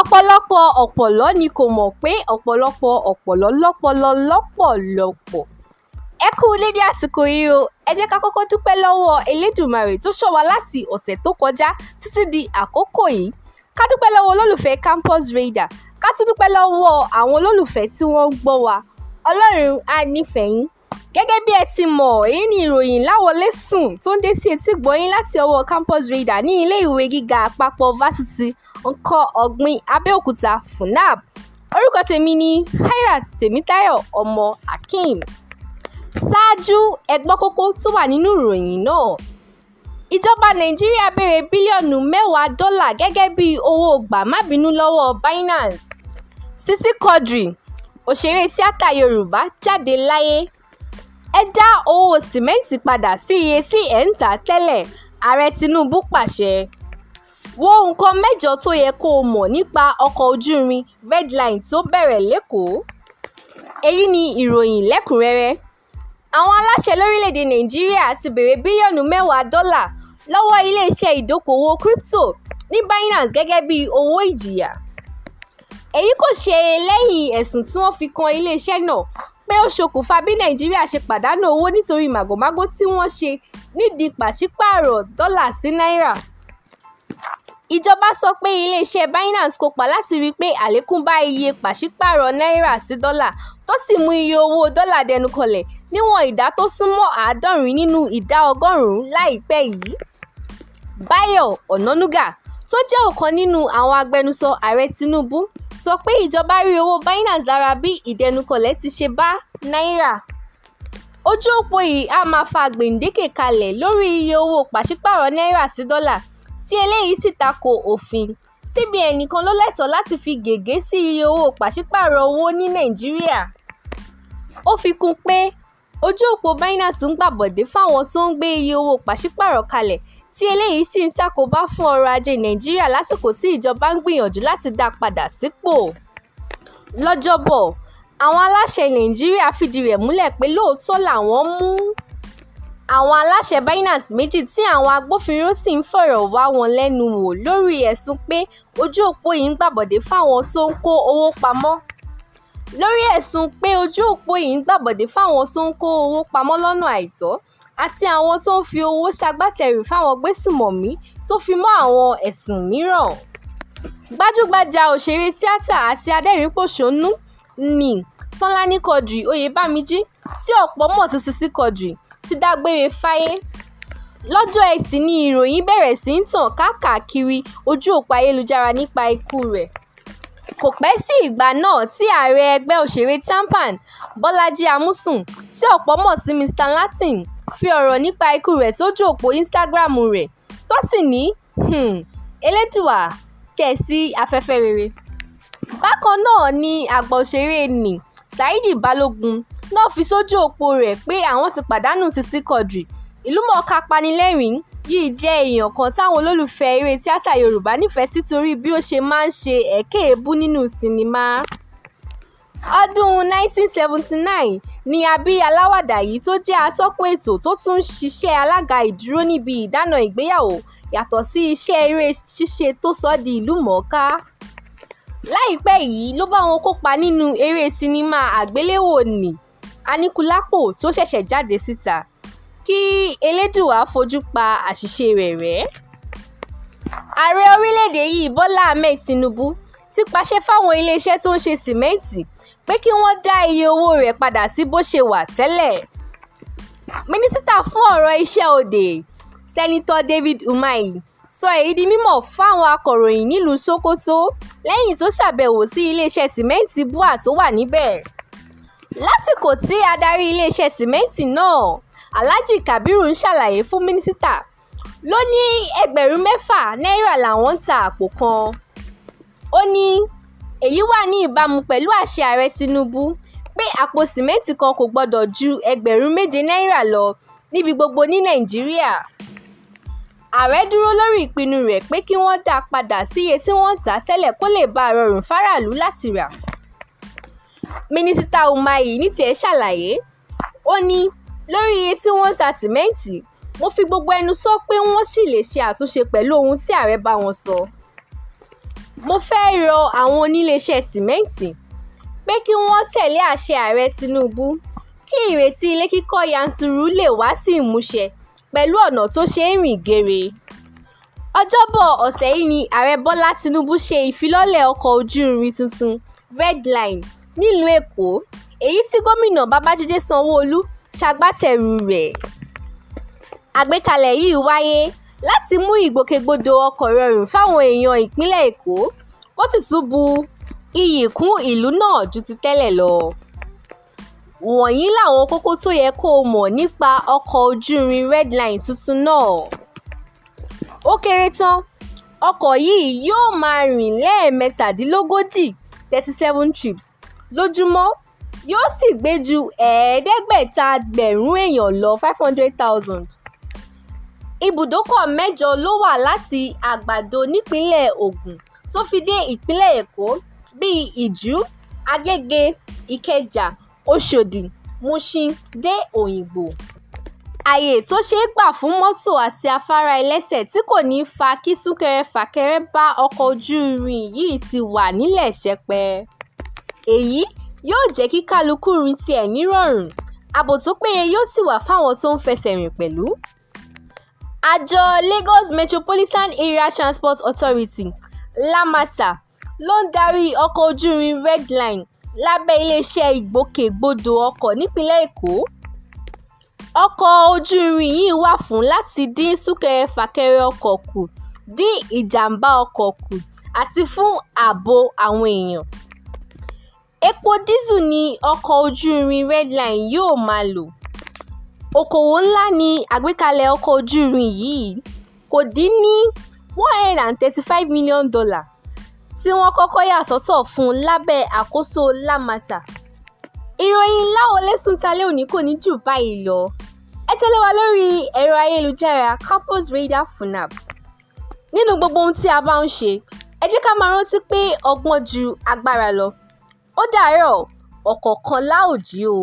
Ọ̀pọ̀lọpọ̀ ọ̀pọ̀lọ́ ni kò mọ̀ pé ọ̀pọ̀lọpọ̀ ọ̀pọ̀lọ́ lọ́pọlọ lọ́pọ̀lọpọ̀. Ẹ kú u dédé àsìkò yìí o, ẹ jẹ́ ká kọ́kọ́ dúpẹ́ lọ́wọ́ Elédùmarè tó ṣọ́ wa láti ọ̀sẹ̀ tó kọjá títí di àkókò yìí. Ká dúpẹ́ lọ́wọ́ olólùfẹ́ Campus Radar, ká tún dúpẹ́ lọ́wọ́ àwọn olólùfẹ́ tí wọ́n gbọ́ wa. Ọlọ́run á nífẹ̀ẹ́ yín gẹ́gẹ́ bí ẹ ti mọ̀ èyí ni ìròyìn láwọlé sùn tó ń dé sí etí gbọ́yìn láti ọwọ́ campus radar ní ilé ìwé gíga àpapọ̀ fásitì ńkọ́ ọ̀gbìn abẹ́òkúta funab orúkọ tèmi ni Khairat tèmítáyọ̀ ọmọ akeem ṣáájú ẹgbọ́ kókó tó wà nínú ìròyìn náà ìjọba nàìjíríà béèrè bílíọ̀nù mẹ́wàá dọ́là gẹ́gẹ́ bí owó gbàmábínú lọ́wọ́ Binance Sisi Quadri òṣèré tíátà yorùbá jáde láyé ẹ dá owó sìmẹ́ǹtì padà sí iye tí ẹ̀ ń tà tẹ́lẹ̀ ààrẹ tinubu pàṣẹ wo nǹkan mẹ́jọ tó yẹ kó o mọ̀ nípa ọkọ̀ ojú irin red line tó bẹ̀rẹ̀ lẹ́kọ̀ọ́ èyí ni ìròyìn lẹ́kùnrẹ́rẹ́ àwọn aláṣẹ lórílẹ̀‐èdè nàìjíríà ti béèrè bílíọ̀nù mẹ́wàá dọ́là lọ́wọ́ iléeṣẹ́ ìdókòwò crypto ní binance gẹ́gẹ́ bí owó ìjìyà èyí kò ṣe lẹ́yìn ẹ̀sùn tí wọ́n fi kan iléeṣẹ́ náà pé ó ṣokùnfà bí nàìjíríà ṣe pàdánù owó nítorí màgòmágó tí wọ́n ṣe nídìí pàṣípààrọ̀ dọ́là sí náírà. ìjọba sọ pé iléeṣẹ́ binance kópa láti rí i pé àlékún bá iye pàṣípààrọ̀ náírà sí dọ́là tó sì mú iye owó dọ́là dẹnu kọlẹ̀ níwọ̀n ìdá tó súnmọ́ àádọ́rin nínú ìdá ọgọ́rùn-ún láìpẹ́ yìí. Báyọ̀ Ọ̀nànúgà tó jẹ́ ọ̀kan nínú àwọn agbẹnusọ ààrẹ Tinubu sọ pé ìjọba rí owó Binance lára bí ìdẹnukọlẹ̀ ti ṣe bá náírà ojú òpó yìí á máa fa gbèǹdéke kalẹ̀ lórí iye owó pàṣípààrọ̀ náírà sí dọ́là tí eléyìí sì tako òfin CBN nìkan ló lẹ́tọ̀ọ́ láti fi gègé sí iye owó pàṣípààrọ̀ owó ní Nàìjíríà ó fi kún pé ojú òpó Binance ń gbàbọ̀dé fáwọn tó ń gbé iye owó pàṣípààrọ̀ kalẹ̀ tí eléyìí sì ń ṣàkóbá fún ọrọ̀ ajé nàìjíríà lásìkò tí ìjọba ń gbìyànjú láti dá a padà sípò. lọ́jọ́bọ̀ àwọn aláṣẹ nàìjíríà fìdí rẹ̀ múlẹ̀ pé lóòótọ́ làwọn mú àwọn aláṣẹ Binance méjì tí àwọn agbófinró sì ń fọ̀rọ̀ wá wọn lẹ́nu wò lórí ẹ̀sùn pé ojú òpó yìí ń gbàbọ̀dé fáwọn tó ń kó owó pamọ́ lórí ẹ̀sùn pé ojú òpó yìí ń gbàbọ̀dé fáwọn tó ń kó owó pamọ́ lọ́nà àìtọ́ àti àwọn tó ń fi owó ṣagbátẹrù fáwọn gbésùmọ̀mí tó fi mọ́ àwọn ẹ̀sùn mìíràn. gbajúgbajà òṣèré tíátà àti adẹ́rìn-ín-pọ̀ṣónú nni Fọláni Quadri Oyèbámijí tí ọ̀pọ̀ mọ̀ sí Sisi Quadri ti dágbére fáyé lọ́jọ́ ẹtì ni ìròyìn bẹ̀rẹ̀ sí í tàn káàkiri ojú òpó ayélujára nípa ikú rẹ̀ kò pẹ́ sí ìgbà náà tí ààrẹ ẹgbẹ́ òṣèré TAMPAN Bọ́lájí Amúsùn tí ọ̀pọ̀ mọ̀ sí Mr Latin fi ọ̀rọ̀ nípa ikú rẹ̀ sójú òpó instagram rẹ̀ tó sì ní um elédùà kẹ̀ sí afẹ́fẹ́ rere. bákan náà ni àgbà òṣèré nni saheed balogun náà fi sójú òpó rẹ̀ pé àwọn ti pàdánù Sisi Quadri ìlúmọ̀ọ́ká panilẹ́rìn-ín yìí jẹ́ èèyàn kan táwọn olólùfẹ́ eré tíátà yorùbá nífẹ̀ẹ́ sí torí bí ó ṣe máa ń ṣe ẹ̀kẹ́ èébú nínú sinimá. Ọdún 1979 ni a bí aláwàdà yìí tó jẹ́ atọ́kùn ètò tó tún ń ṣiṣẹ́ alága ìdúró níbi ìdáná ìgbéyàwó yàtọ̀ sí iṣẹ́ eré ṣíṣe tó sọ ọ́ di ìlúmọ̀ọ́ká. Láìpẹ́ yìí ló bá wọn kópa nínú eré sinimá àgbéléwò Nì Aníkúlápó tó ṣẹ̀ṣẹ̀ jáde síta, kí Elédùà fojú pa àṣìṣe rẹ̀ rẹ́. Ààrẹ orílẹ̀-èdè yìí Bọ́lá Ahmed Tinubu ti pàṣẹ fáwọn iléeṣẹ́ tó ń ṣe sìmẹ́ǹtì pé kí wọ́n dá iye owó rẹ̀ padà sí bó ṣe wà tẹ́lẹ̀. mínísítà fún ọ̀rọ̀ iṣẹ́ òde sẹ́nitọ́ David Umahi sọ èyí di mímọ̀ fáwọn akọ̀ròyìn nílùú Sokoto lẹ́yìn tó ṣàbẹ̀wò sí iléeṣẹ́ sìmẹ́ǹtì BUA tó wà níbẹ̀. lásìkò tí adarí iléeṣẹ́ sìmẹ́ǹtì náà Alhaji Kabiru ń ṣàlàyé fún mínísítà ló ní ẹgbẹ̀rún mẹ́fà náírà làwọn ń ta àpò kan ó ní èyí wà ní ìbámu pẹ̀lú àṣẹ ààrẹ tinubu pé àpò sìmẹ́ǹtì kan kò gbọdọ̀ ju ẹgbẹ̀rún méje náírà lọ níbi gbogbo ní nàìjíríà ààrẹ dúró lórí ìpinnu rẹ̀ pé kí wọ́n dá a padà sí iye tí wọ́n tà á tẹ́lẹ̀ kó lè bá a rọrùn fáráàlú láti rà mínísítà umahi ní tiẹ̀ ṣàlàyé ó ní lórí iye tí wọ́n ta sìmẹ́ǹtì mo fi gbogbo ẹnu sọ pé wọ́n sì lè ṣe àtúnṣe pẹ̀lú ohun tí ààrẹ bá wọn sọ. So mo fẹ́ rọ àwọn oníléeṣẹ́ sìmẹ́ǹtì pé kí wọ́n tẹ̀lé àṣẹ ààrẹ tinubu kí ìrètí ilé kíkọ́ yanturu lè wá sí ìmúṣẹ pẹ̀lú ọ̀nà tó ṣe é rìn gére ọjọ́bọ̀ ọ̀sẹ̀ yìí ni ààrẹ bọ́lá tinubu ṣe ìfilọ́lẹ̀ ọkọ̀ ojú irin tuntun red line nílùú èkó èyí tí gómìnà babájídé sanwóolu ṣagbátẹrù rẹ̀ àgbékalẹ̀ yìí wáyé láti mú ìgbòkègbodò ọkọ̀ rọrùn fáwọn èèyàn ìpínlẹ̀ èkó kó sì tún bu iyì kún ìlú náà ju ti tẹ́lẹ̀ lọ wọ̀nyí làwọn kókó tó yẹ kó o mọ̀ nípa ọkọ̀ ojúrin red line tuntun náà ó kéré tán ọkọ̀ yìí yóò máa rìn lẹ́ẹ̀mẹ́tàdínlógójì thirty seven trips lójúmọ́ yóò sì gbé ju ẹ̀ẹ́dẹ́gbẹ̀ta gbẹ̀rún èèyàn lọ five hundred thousand ibùdókọ̀ mẹ́jọ ló wà láti àgbàdo nípínlẹ̀ ogun tó fi dé ìpínlẹ̀ èkó bíi ìjú agége ìkẹjà ọ̀ṣọ́dì mushin dé òyìnbó ààyè tó ṣeé gbà fún mọ́tò àti afárá ẹlẹ́sẹ̀ tí kò ní fa kí súnkẹrẹ-fàkẹrẹ bá ọkọ̀ ojú irin yìí ti wà nílẹ̀ ṣẹpẹ èyí yóò jẹ́ kí kálukú rin tiẹ̀ nírọ̀rùn ààbò tó péye yóò sì wà fáwọn tó ń fẹsẹ̀ rìn pẹ̀lú àjọ lagos metropolitan area transport authority lamata ló ń darí ọkọ̀ ojú irin red line lábẹ́ iléeṣẹ́ ìgbòkègbodò ọkọ̀ nípínlẹ̀ èkó ọkọ̀ ojú irin yìí wà fún láti dín súnkẹrẹ fàkẹrẹ ọkọ̀ kù dín ìjàmbá ọkọ̀ kù àti fún ààbò àwọn èèyàn epo dísù ni ọkọ̀ ojú irin red line yóò máa lò okòwò ńlá ni àgbékalẹ̀ ọkọ̀ ojú irin yìí kò dín ní one hundred and thirty five million dollar tí wọ́n kọ́kọ́ yà sọ́tọ̀ fún un lábẹ́ àkóso Lamata. ìròyìn láwọlé súntalẹ́ òní kò ní jù báyìí lọ ẹ tẹ́lẹ̀ wa lórí ẹ̀rọ ayélujára Campus Radar Funab nínú gbogbo ohun tí a bá ń ṣe ẹ jẹ́ ká máa rántí pé ọgbọ́n ju agbára lọ ó dàárọ̀ ọ̀kọ̀ọ̀kan láòjí o.